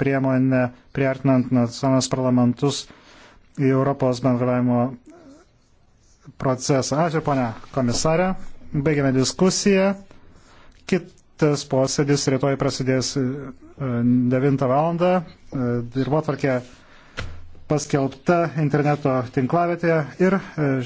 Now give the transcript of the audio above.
priemonę priartinant nacionalinius parlamentus į Europos bendravimo procesą. Ačiū, ponia komisarė. Baigiame diskusiją. Kitas posėdis rytoj prasidės 9 e, val. E, Dirbo tvarkė paskelbta interneto tinklavietėje ir e,